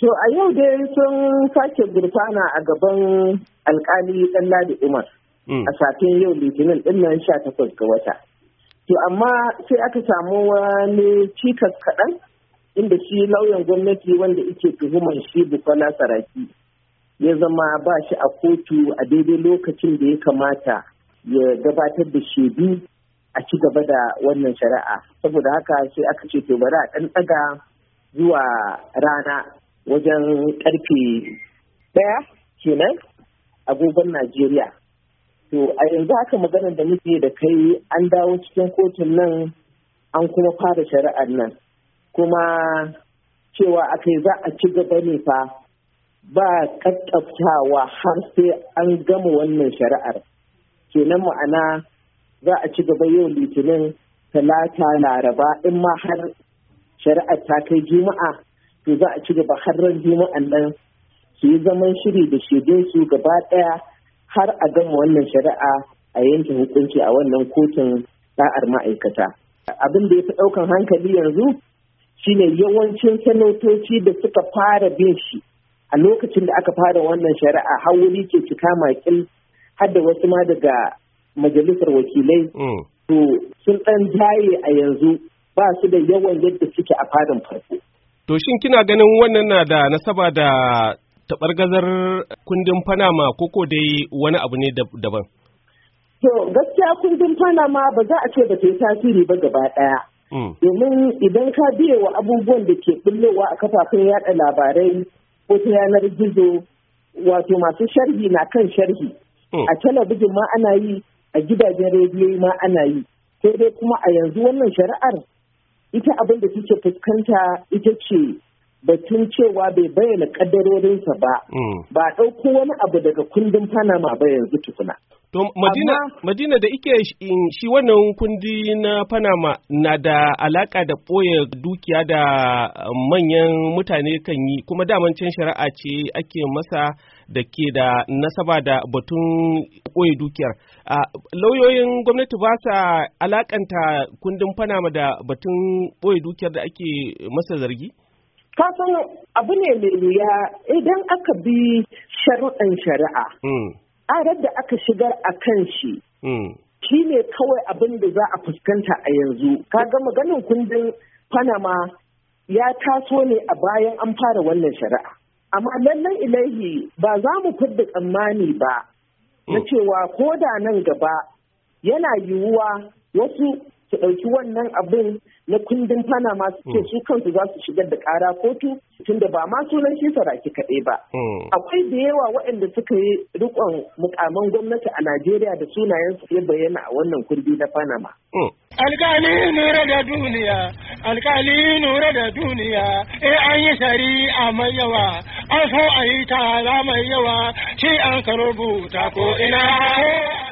To a yau dai sun sake gurfana a gaban alkali Ɗanladi Umar hmm. a safin yau litinin ɗin nan sha takwas ga wata. To amma sai aka samu wani cikas kaɗan inda shi lauyan gwamnati wanda yake tuhumar shi Bukola Saraki ya zama ba shi a kotu a daidai lokacin da ya kamata ya gabatar da shebi a ci gaba da wannan shari'a. Saboda haka sai aka ce to bari a ɗan ɗaga zuwa rana wajen karfe daya kenan agogon Najeriya. To a yanzu haka maganar da muke da kai an dawo cikin kotun nan an kuma fara shari'ar nan. Kuma cewa aka yi za a ci gaba ne fa ba kakkaftawa har sai an gama wannan shari'ar. Kenan ma'ana za a ci gaba yau litinin talata laraba in ma har shari'ar ta kai juma'a to za a ci gaba har ran juma'an nan su yi zaman shiri da shaidun su gaba ɗaya har a gama wannan shari'a a yanke hukunci a wannan kotun da'ar ma'aikata abin da ya fi ɗaukan hankali yanzu shine yawancin sanatoci da suka fara bin shi a lokacin da aka fara wannan shari'a har wuri ke cika makil har da wasu ma daga majalisar wakilai mm. to sun ɗan jaye a yanzu ba su da yawan yadda suke a farin farko To shin kina ganin wannan na da nasaba da taɓargazar kundin Panama koko dai wani abu ne daban? To gaskiya kundin Panama ba za a ce ba ta yi tasiri ba gaba ɗaya. Hmm. Domin idan ka biye wa abubuwan da ke bullowa a kafafen yaɗa labarai ko ta yanar gizo wato masu sharhi na kan sharhi. Hmm. A talabijin ma ana yi, a gidajen rediyo ma ana yi. Sai dai kuma a yanzu wannan shari'ar ita abin da suke fuskanta ita ce batun cewa bai bayyana kaddarorinsa ba hmm. ba ɗauko wani abu daga kundin panama ba yanzu tukuna To Madina da ike shi wannan kundi na Panama na da alaka da ɓoye dukiya da eh, manyan mutane kan yi kuma daman can shari'a ce ake masa da ke da nasaba da batun ɓoye dukiyar. Lauyoyin gwamnati ba sa alakanta kundin Panama da batun ɓoye dukiyar da ake masa zargi? Ka san abu ne mai wuya idan aka bi sharuɗan shari'a. Hmm. Arar da aka shigar a kan shi. Hmm. Shi ne kawai abin da za a fuskanta a yanzu. Ka ga maganin kundin Panama ya taso ne a bayan an fara wannan shari'a. amma lallai ilaihi ba za mu fidda tsammani ba na hmm. cewa ko da nan gaba yana yiwuwa wasu su ɗauki wannan abin na kundin panama su ce hmm. su kansu za su shigar da ƙara kotu tunda ba ma sunan shi saraki kaɗai ba hmm. akwai da yawa waɗanda suka yi riƙon mukaman gwamnati a najeriya da sunayen su ya bayyana a wannan kundi na panama alkali nura da duniya alkali nura da duniya eh an yi shari'a mai yawa an so a yi tara mai yawa shi an ka rubuta ko ina